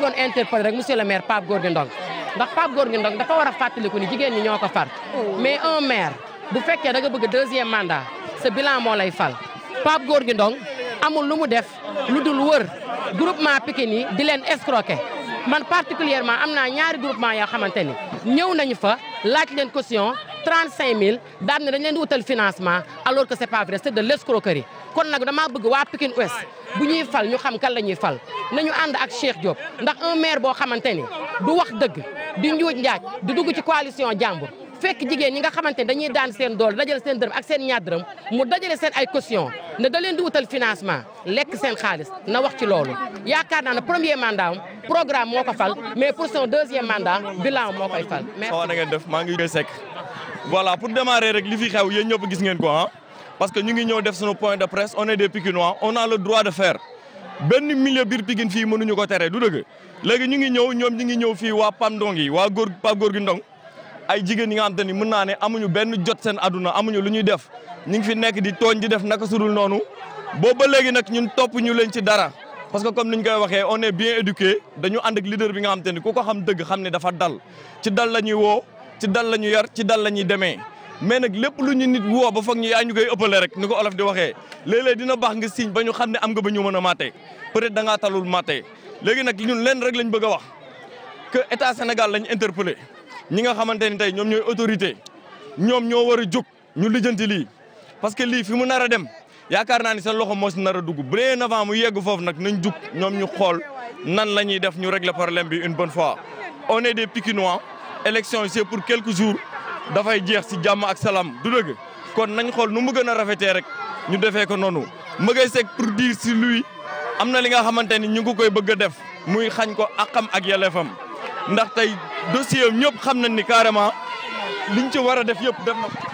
bëggoon interpeller rek monsieur le maire Pape Gorgui Ndong ndax Pape Gorgui Ndong dafa war a fàttaliku ni jigéen ñi ñoo ko far mais un maire bu fekkee da nga bëgg deuxième mandat sa bilan moo lay fal Pape Gorgui Ndong amul lu mu def lu dul wër groupement Pikine yi di leen escroquer man particulièrement am naa ñaari groupement yoo xamante ni ñëw nañu fa laaj leen caution 35000 daal ne dañ leen di wutal financement alors que c'est pas vrai c'est de l'escroquerie kon nag damaa bëgg waa Pikine Ouest bu ñuy fal ñu xam kan la ñuy fal ñu ànd ak Cheikh Diop ndax un maire boo xamante ni du wax dëgg di njuuj njaaj du dugg ci coalition jàmbur fekk jigéen ñi nga xamante ne dañuy daan seen doole dajale seen dërëm ak seen ñaar dërëm mu dajale seen ay caution ne da leen di wutal financement lekk seen xaalis na wax ci loolu yaakaar naa ne premier mandat programme moo ko fal mais pour son deuxième mandat bilan moo koy fal. def maa ngi Sekk voilà pour démarrer gis ngeen ko ah. parce que ñu ngi ñëw def suñu point de presse on est des Pikinois on a droit de faire benn milieu biir Pikine fii mënuñu ko tere du dëgg léegi ñu ngi ñëw ñoom ñu ngi ñëw fii waa PAM Ndong yi waa góor Pape Gorgui ay jigéen yi nga ni mën naa ne amuñu benn jot seen aduna amuñu lu ñuy def ñu ngi fi nekk di tooñ di def naka sudul noonu boobu léegi nag ñun topp ñu leen ci dara parce que comme ni ñu koy waxee on est bien éduqué dañu ànd ak bi nga xam te ni ku ko xam dëgg xam ne dafa dal ci dal la ñuy woo ci dal la ñu yar ci dal la ñuy demee mais nag lépp lu ñu nit woo ba foog ñu yaa ñu koy ëppale rek ni ko olof di waxee léeg-léeg dina baax nga siñ ba ñu xam ne am nga ba ñu mën a maté peut-être da ngaa talul maté léegi nag ñun lenn rek lañ bëgg a wax que état Sénégal lañu interpellé ñi nga xamante ni tey ñoom ñooy autorité ñoom ñoo war a jóg ñu lijjanti lii parce que lii fi mu nar a dem yaakaar naa ni seen loxo moo si nar a dugg bien avant mu yegg foofu nag nañ jug ñoom ñu xool nan la ñuy def ñu régler problème bi une bonne fois des Pikinois élection c'est pour quelques jours dafay jeex si jàmm ak salaam du dëgg kon nañu xool nu mu gën a rafetee rek ñu defee ko noonu Mbaye Seck pour dire si lui am na li nga xamante ni ñu ngi koy bëgg a def muy xañ ko àqam ak yelleefam ndax tey dossier am xam nañ ni carrément liñ ci war a def yëpp def na